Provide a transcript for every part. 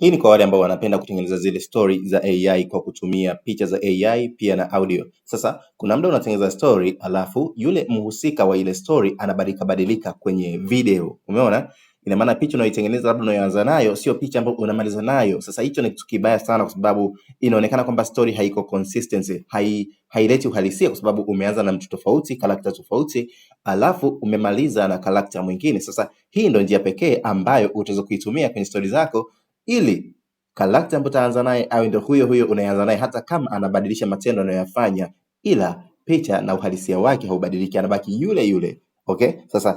Hii ni kwa wale ambao wanapenda kutengeneza zile story za AI kwa kutumia picha za AI pia na audio. Sasa kuna muda unatengeneza story alafu yule mhusika wa ile story anabadilika badilika kwenye video. Umeona? Ina maana picha unaitengeneza labda unaanza nayo sio picha ambayo unamaliza nayo. Sasa hicho ni kitu kibaya sana, kwa sababu inaonekana kwamba story haiko consistency, hai haileti uhalisia, kwa sababu umeanza na mtu tofauti, karakta tofauti, alafu umemaliza na karakta mwingine. Sasa hii ndio njia pekee ambayo utaweza kuitumia kwenye stori zako ili karakta ambayo utaanza naye awe ndio huyo huyo unayeanza naye, hata kama anabadilisha matendo anayoyafanya, ila picha na uhalisia wake haubadiliki, anabaki yule yule. Okay, sasa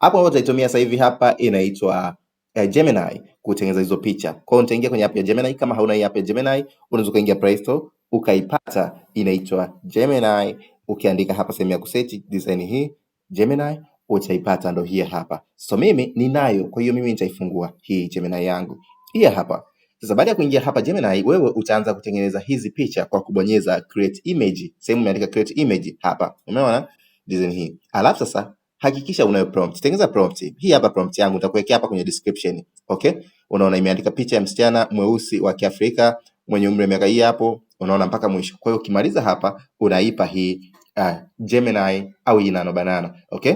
hapo ambapo tutaitumia sasa hivi hapa inaitwa eh, Gemini kutengeneza hizo picha. Kwa hiyo utaingia kwenye app ya Gemini. Kama hauna hii app ya Gemini, unaweza kuingia Play Store ukaipata, inaitwa Gemini. Ukiandika hapa sehemu ya kusearch design hii Gemini utaipata, ndo hii hapa. So mimi ninayo, kwa hiyo mimi nitaifungua hii Gemini yangu pia hapa. Sasa baada ya kuingia hapa Gemini, wewe utaanza kutengeneza hizi picha kwa kubonyeza create image, sehemu imeandika create image hapa, umeona design hii. Alafu sasa hakikisha unayo prompt, tengeneza prompt hii hapa. Prompt yangu nitakuwekea hapa kwenye description, okay? Unaona imeandika picha ya msichana mweusi wa Kiafrika mwenye umri wa miaka hii hapo, unaona mpaka mwisho. Kwa hiyo ukimaliza hapa unaipa hii uh, Gemini au hii Nano Banana, okay?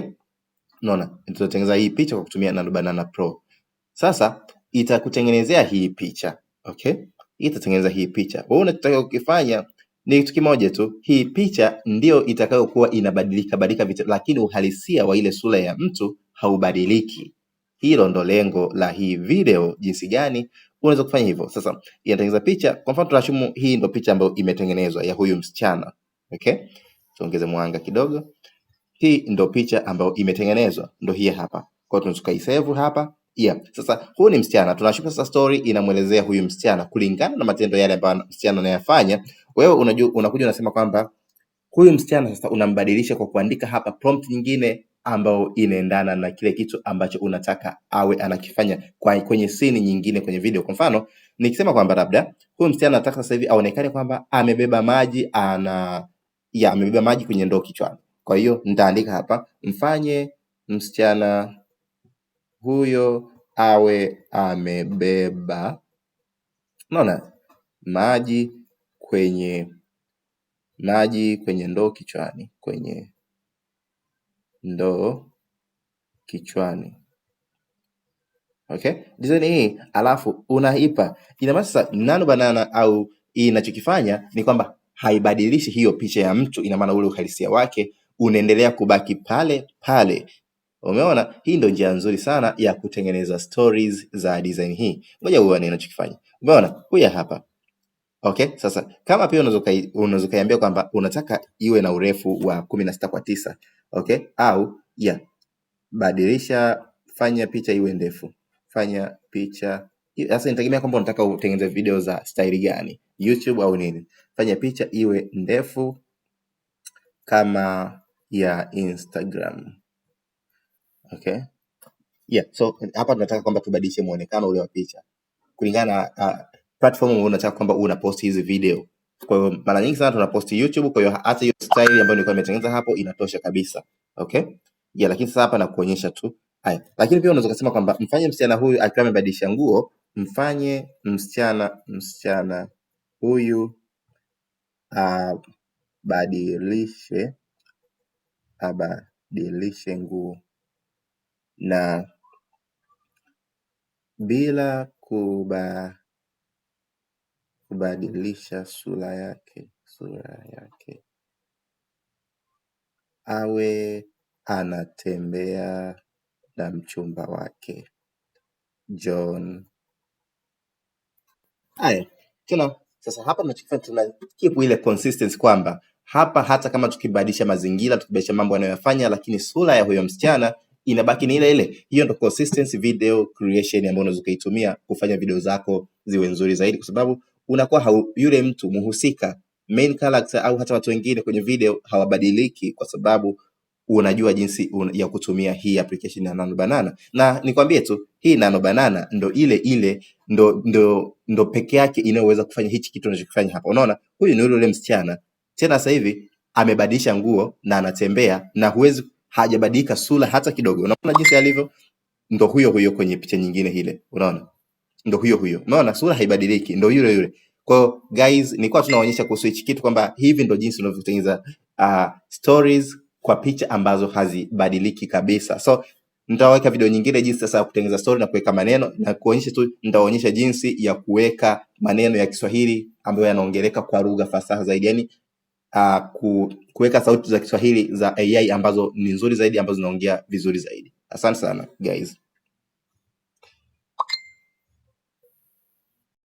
Unaona tutatengeneza hii picha kwa kutumia Nano Banana Pro. Sasa itakutengenezea hii picha okay? Itatengeneza hii picha. Wewe unachotaka kukifanya ni kitu kimoja tu, hii picha ndio itakayokuwa inabadilika badilika vitu, lakini uhalisia wa ile sura ya mtu haubadiliki. Hilo ndo lengo la hii video, jinsi gani unaweza kufanya hivyo. Sasa inatengeneza picha. Kwa mfano, tunashumu hii ndo picha ambayo imetengenezwa ya huyu msichana okay? Tuongeze mwanga kidogo. Hii ndo picha ambayo imetengenezwa, ndo hii hapa. Kwa hiyo tunaweza kuisave hapa Yeah. Sasa huyu ni msichana, tunashuka sasa, story inamwelezea huyu msichana kulingana na matendo yale ambayo msichana anayafanya. Wewe unaju, unakuja unasema kwamba huyu msichana sasa unambadilisha kwa kuandika hapa prompt nyingine ambayo inaendana na kile kitu ambacho unataka awe anakifanya kwa kwenye sini nyingine kwenye video. Kwa mfano nikisema kwamba labda huyu msichana anataka sasa hivi aonekane kwamba amebeba maji ana ya amebeba maji kwenye ndoo kichwani, kwa hiyo nitaandika hapa mfanye msichana huyo awe amebeba unaona maji kwenye maji kwenye ndoo kichwani, kwenye ndoo kichwani okay? Design hii alafu unaipa ina maana sasa Nano Banana au inachokifanya ni kwamba haibadilishi hiyo picha ya mtu, ina maana ule uhalisia wake unaendelea kubaki pale pale, Umeona, hii ndio njia nzuri sana ya kutengeneza stories za design hii. Ngoja uone ninachokifanya. Umeona, huya hapa Okay, sasa kama pia unaweza ukaiambia kwamba unataka iwe na urefu wa kumi na sita kwa tisa okay? Au yeah, badilisha, fanya picha iwe ndefu, fanya picha. Sasa inategemea kwamba unataka utengeneze video za staili gani, YouTube au nini. Fanya picha iwe ndefu kama ya Instagram. Okay. Yeah, so hapa tunataka kwamba tubadilishe mwonekano ule wa picha kulingana na uh, platform unataka kwamba uwe unaposti hizi video. kwahiyo mara nyingi sana tunaposti YouTube, kwahiyo hata hiyo style ambayo nilikuwa nimetengeneza hapo inatosha kabisa. Okay? Yeah, lakini sasa hapa nakuonyesha tu. Haya. Lakini pia unaweza ukasema kwamba mfanye msichana huyu akiwa amebadilisha nguo, mfanye msichana msichana huyu uh, abadilishe abadilishe nguo na bila kubadilisha sura yake sura yake awe anatembea na mchumba wake John. Haya, tuna sasa hapa tunachokifanya tuna keep ile consistency kwamba hapa hata kama tukibadilisha mazingira, tukibadilisha mambo anayoyafanya, lakini sura ya huyo msichana inabaki ni ile ile. Hiyo ndio consistency video creation ambayo unaweza ukaitumia kufanya video zako ziwe nzuri zaidi, kwa sababu unakuwa hau, yule mtu muhusika main character au hata watu wengine kwenye video hawabadiliki, kwa sababu unajua jinsi un, ya kutumia hii application ya Nano Banana. Na nikwambie tu hii Nano Banana ndo ile ile ndo, ndo, ndo peke yake inayoweza kufanya hichi kitu unachokifanya hapa. Unaona, huyu ni yule msichana tena, sasa hivi amebadilisha nguo na anatembea na huwezi hajabadilika sura hata kidogo. Unaona jinsi alivyo, ndo huyo huyo kwenye picha nyingine ile, unaona ndo huyo huyo, unaona sura haibadiliki, ndo yule yule. Kwa hiyo guys, nilikuwa tunaonyesha kuhusu hichi kitu kwamba hivi ndo jinsi unavyotengeneza uh, ah, stories kwa picha ambazo hazibadiliki kabisa. So nitaweka video nyingine jinsi sasa ya kutengeneza story na kuweka maneno na kuonyesha tu, nitaonyesha jinsi ya kuweka maneno ya Kiswahili ambayo yanaongeleka kwa lugha fasaha zaidi, yani uh, kuweka sauti za Kiswahili za AI ambazo ni nzuri zaidi ambazo zinaongea vizuri zaidi. Asante sana guys.